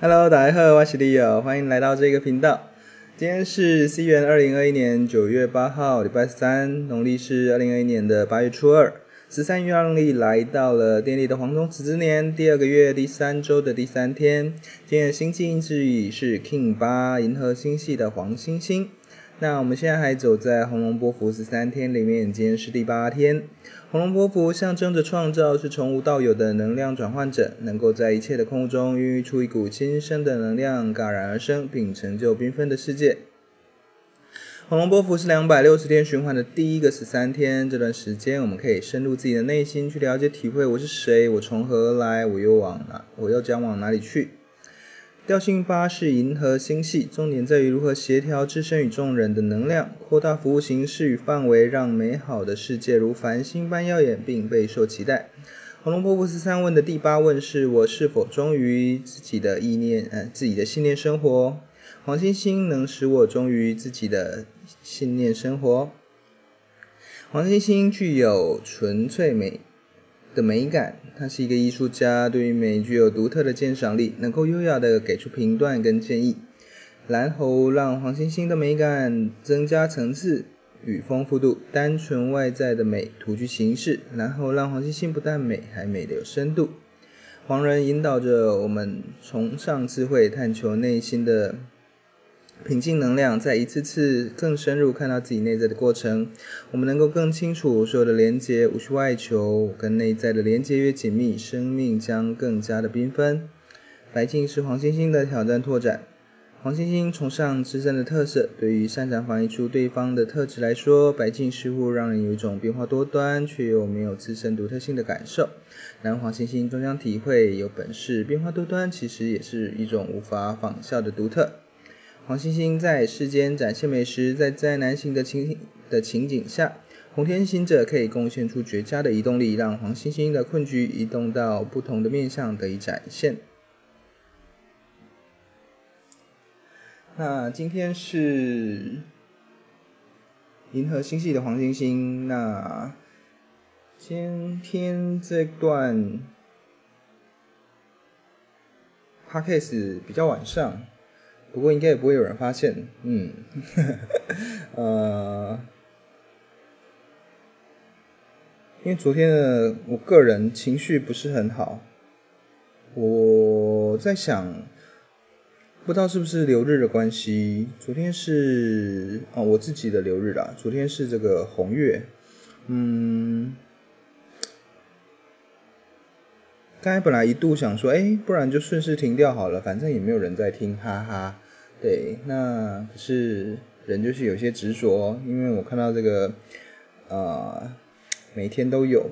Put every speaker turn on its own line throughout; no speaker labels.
哈嘍，大家好，我是 Leo，歡迎來到這個頻道。今天是西元二零二一年九月八號，禮拜三，農曆是二零二一年的八月初二，十三月亮曆來到了電力的黃種子之年第二個月第三周的第三天。今天的星系印記是 KIN 八銀河星系的黃星星。那我們現在還走在紅龍波符十三天裡面，已經是第八天。紅龍波符象徵着創造，是從無到有的能量轉換者，能夠在一切的空中孕育出一股新生的能量，感染而生，並成就繽紛的世界。紅龍波符是兩百六十天循環的第一個十三天，這段時間我們可以深入自己的內心去了解、體會我是誰，我從何而來，我又往哪，我又將往哪裡去。調性八是銀河星系，重點在於如何協調自身與眾人的能量，擴大服務形式與範圍，讓美好的世界如繁星般耀眼，並備受期待。紅龍波符十三問的第八問是：我是否忠於自己的意念？呃，自己的信念生活？黃星星能使我忠於自己的信念生活？黃星星具有純粹美。的美感，他是一個藝術家，對於美具有獨特的鑑賞力，能夠優雅的給出評斷跟建議，然後讓黃星星的美感增加層次與豐富度，單純外在的美徒具形式，然後讓黃星星不但美，還美得有深度。黃人引導着我們崇尚智慧，探求內心的。平靜能量，在一次次更深入看到自己內在的過程，我們能夠更清楚所有的連接，無需外求，跟內在的連接越緊密，生命將更加的繽紛。白鏡是黃星星的挑戰拓展，黃星星崇尚自身的特色，對於擅長反映出對方的特質來說，白鏡似乎讓人有一種變化多端卻又沒有自身獨特性的感受。然而黃星星終將體會，有本事變化多端，其實也是一種無法仿效的獨特。黃星星在世間展現美食，在災難性的情的情景下，紅天行者可以貢獻出絕佳的移動力，讓黃星星的困局移動到不同的面向得以展現。那今天是銀河星系的黃星星。那今天這段 podcast 比較晚上。不過應該也不會有人發現，嗯呵呵，呃，因為昨天的我個人情緒不是很好，我在想，不知道是不是流日的關係，昨天是啊、哦、我自己的流日啦，昨天是這個紅月，嗯。剛才本來一度想說，哎、欸，不然就順勢停掉好了，反正也沒有人在聽，哈哈。對，那可是人就是有些執着，因為我看到這個，呃，每天都有。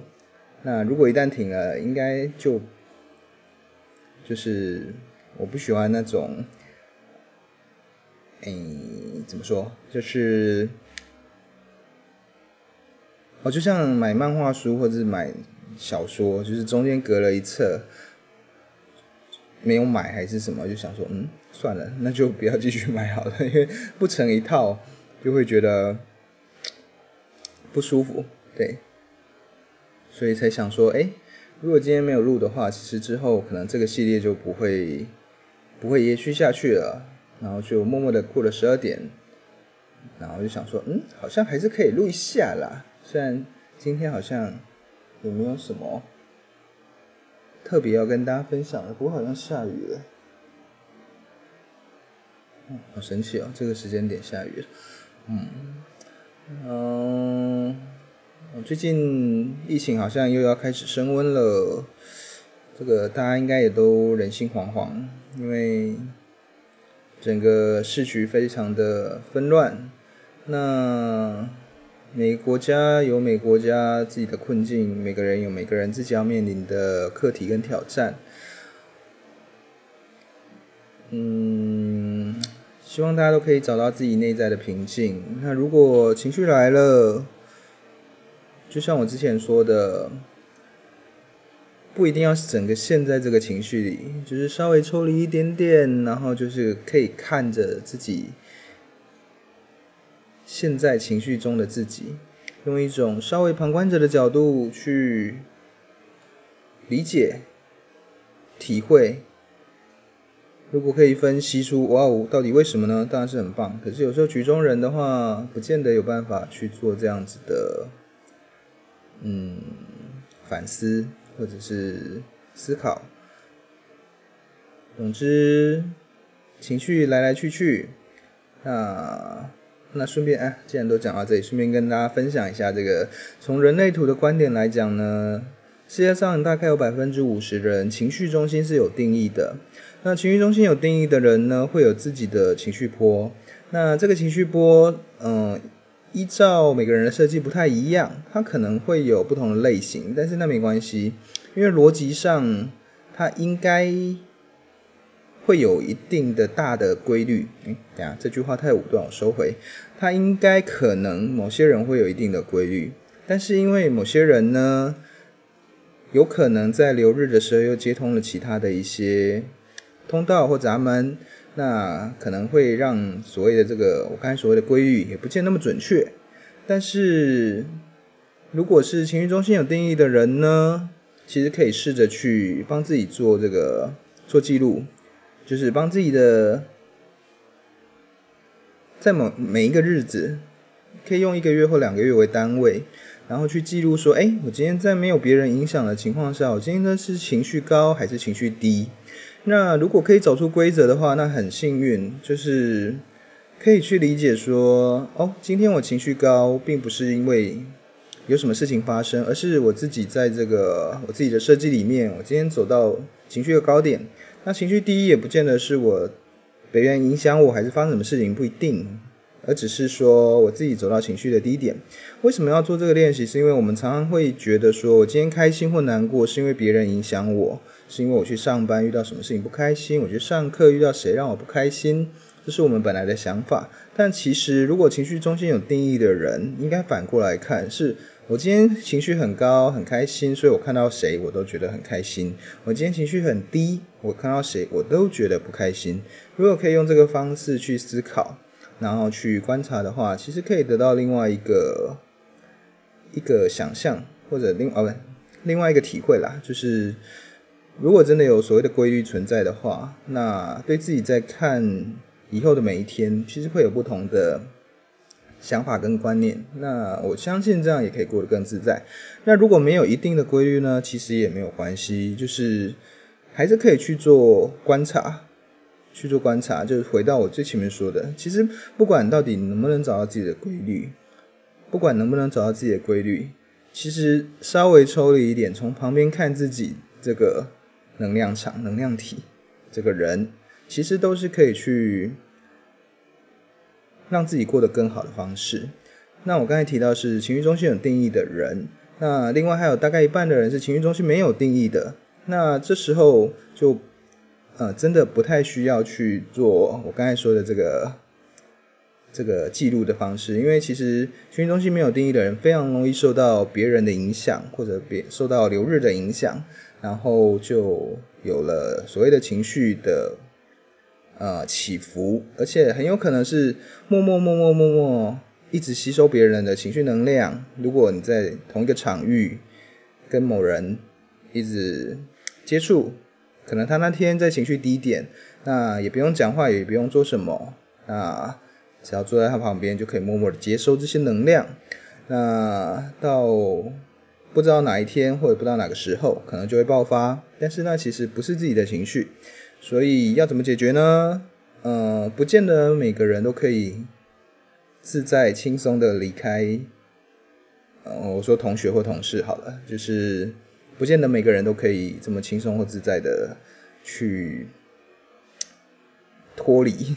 那如果一旦停了，應該就就是我不喜歡那種，哎、欸，怎麼說？就是哦，就像買漫畫書或者買。小說就是中間隔了一冊，沒有買還是什麼，就想說，嗯，算了，那就不要繼續買好了，因為不成一套，就會覺得不舒服，對，所以才想說，哎，如果今天沒有錄的話，其實之後可能這個系列就不會不會延續下去了，然後就默默的過了十二點，然後就想說，嗯，好像還是可以錄一下啦，雖然今天好像。也沒有什麼特別要跟大家分享的，不過好像下雨了，嗯，好神奇哦，這個時間點下雨了，嗯，嗯，最近疫情好像又要開始升溫了，這個大家應該也都人心惶惶，因為整個時局非常的紛亂，那。每個國家有每個國家自己的困境，每個人有每個人自己要面臨的課題跟挑戰。嗯，希望大家都可以找到自己內在的平靜。那如果情緒來了，就像我之前說的，不一定要整個陷在這個情緒裡，就是稍微抽離一點點，然後就是可以看着自己。現在情緒中的自己，用一種稍微旁觀者的角度去理解、體會。如果可以分析出“哇哦”，到底為什麼呢？當然是很棒。可是有時候局中人的話，不見得有辦法去做這樣子的，嗯，反思或者是思考。總之，情緒來來去去，啊。那順便啊、哎，既然都講到這裡，順便跟大家分享一下這個。從人類圖的觀點來講呢，世界上大概有百分之五十人情緒中心是有定義的。那情緒中心有定義的人呢，會有自己的情緒波。那這個情緒波，嗯、呃，依照每個人的設計不太一樣，它可能會有不同的類型。但是那沒關係，因為邏輯上它應該。會有一定的大的規律，哎，等下這句話太武斷，我收回。它應該可能某些人會有一定的規律，但是因為某些人呢，有可能在留日的時候又接通了其他的一些通道或閘門，那可能會讓所謂的這個我剛才所謂的規律也不見那麽準確。但是如果是情緒中心有定義的人呢，其實可以試着去幫自己做這個做記錄。就是幫自己的在某，在每每一個日子，可以用一個月或兩個月為單位，然後去記錄說，哎、欸，我今天在沒有別人影響的情況下，我今天呢是情緒高還是情緒低？那如果可以走出規則的話，那很幸運，就是可以去理解說，哦，今天我情緒高，並不是因為有什麼事情發生，而是我自己在這個我自己的設計裡面，我今天走到情緒的高點。那情緒第一也不見得是我別人影響我，還是發生什麼事情不一定，而只是說我自己走到情緒的低點。為什麼要做這個練習？是因為我們常常會覺得，說我今天開心或難過，是因為別人影響我，是因為我去上班遇到什麼事情不開心，我去上課遇到誰讓我不開心，這是我們本來的想法。但其實，如果情緒中心有定義的人，應該反過來看是。我今天情緒很高，很開心，所以我看到誰我都覺得很開心。我今天情緒很低，我看到誰我都覺得不開心。如果可以用這個方式去思考，然後去觀察的話，其實可以得到另外一個一個想象，或者另哦不，另外一個體會啦，就是如果真的有所謂的規律存在的話，那對自己在看以後的每一天，其實會有不同的，想法跟觀念，那我相信這樣也可以過得更自在。那如果沒有一定的規律呢？其實也沒有關係，就是還是可以去做觀察，去做觀察。就是回到我最前面說的，其實不管到底能不能找到自己的規律，不管能不能找到自己的規律，其實稍微抽離一點，從旁邊看自己這個能量場、能量體、這個人，其實都是可以去。讓自己過得更好的方式。那我剛才提到是情緒中心有定義的人，那另外還有大概一半的人是情緒中心沒有定義的。那這時候就，呃，真的不太需要去做我剛才說的這個這個記錄的方式，因為其實情緒中心沒有定義的人，非常容易受到別人的影響，或者別受到流日的影響，然後就有了所謂的情緒的。呃，起伏，而且很有可能是默默默默默默一直吸收別人的情緒能量。如果你在同一個場域跟某人一直接觸，可能他那天在情緒低點，那也不用講話，也不用做什麼，啊，只要坐在他旁邊就可以默默的接收這些能量。那到不知道哪一天或者不知道哪個時候，可能就會爆發。但是那其實不是自己的情緒。所以要怎麼解決呢？呃，不見得每個人都可以自在輕鬆的離開，呃，我說同學或同事好了，就是不見得每個人都可以這麼輕鬆或自在的去脫離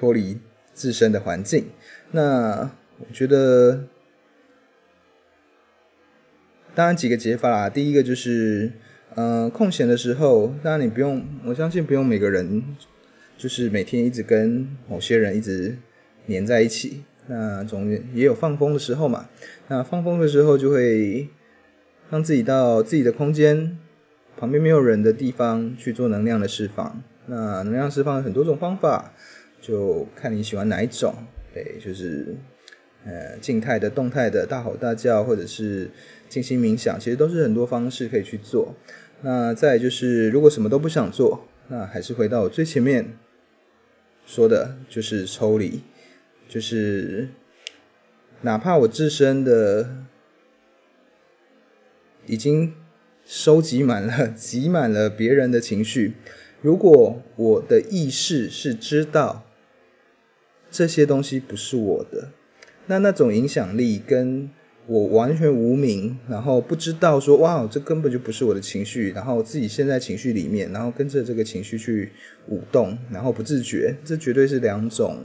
脫離自身的環境。那我覺得當然幾個解法啦、啊，第一個就是。呃，空閒的時候，當然你不用，我相信不用每個人，就是每天一直跟某些人一直黏在一起，那總也有放風的時候嘛。那放風的時候，就會讓自己到自己的空間，旁邊沒有人的地方去做能量的釋放。那能量釋放有很多種方法，就看你喜歡哪一種。對，就是。呃，靜態、嗯、的、動態的，大吼大叫，或者是靜心冥想，其實都是很多方式可以去做。那再來就是，如果什麼都不想做，那還是回到我最前面說的，就是抽離，就是哪怕我自身的已經收集滿了、擠滿了別人的情緒，如果我的意識是知道這些東西不是我的。那那種影響力跟我完全無名，然後不知道說哇，這根本就不是我的情緒，然後自己陷在情緒裡面，然後跟着這個情緒去舞動，然後不自覺，這絕對是兩種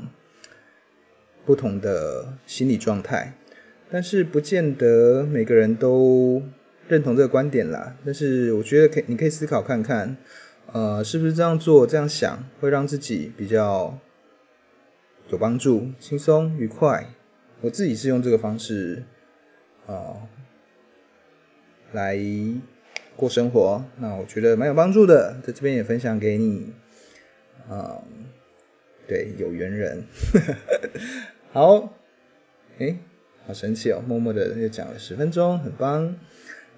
不同的心理狀態。但是不見得每個人都認同這個觀點啦。但是我覺得可以，你可以思考看看，呃，是不是這樣做、這樣想會讓自己比較有幫助、輕鬆、愉快。我自己是用這個方式，啊、哦，來過生活，那我覺得蠻有幫助的，在這邊也分享給你，啊、嗯，對，有緣人， 好，哎、欸，好神奇哦，默默的又講了十分鐘，很棒，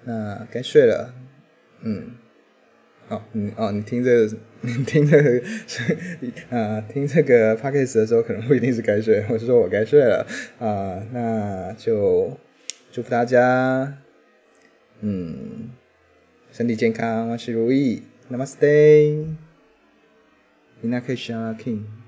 那該睡了，嗯。哦，你哦，你聽着、這個，你聽着、這個，呃，聽這個 podcast 的時候，可能不一定是該睡，我是說我該睡了，啊、呃，那就祝福大家，嗯，身體健康，萬事如意，Namaste，In Lak'ech Ala K'in。